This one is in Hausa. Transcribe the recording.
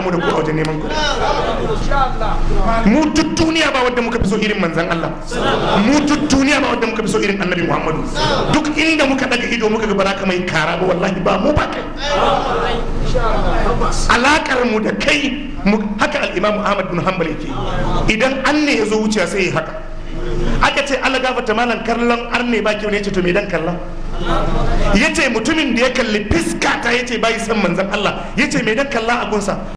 haɗa mu da ku a wajen neman kuɗi mu duk duniya ba wadda muka fi so irin manzan Allah mu duk duniya ba wadda muka fi so irin annabi Muhammadu duk inda muka daga ido muka ga baraka mai kara ba wallahi ba mu ba kai alakar mu da kai haka al-Imam Ahmad bin Hanbal yake idan an ne ya zo wuciya sai ya haka aka ce Allah ta malam kallon arne ba kyau ne ce to me dan kallon yace mutumin da ya kalli fiska ta yace bai san manzan Allah yace me dan kalla a gunsa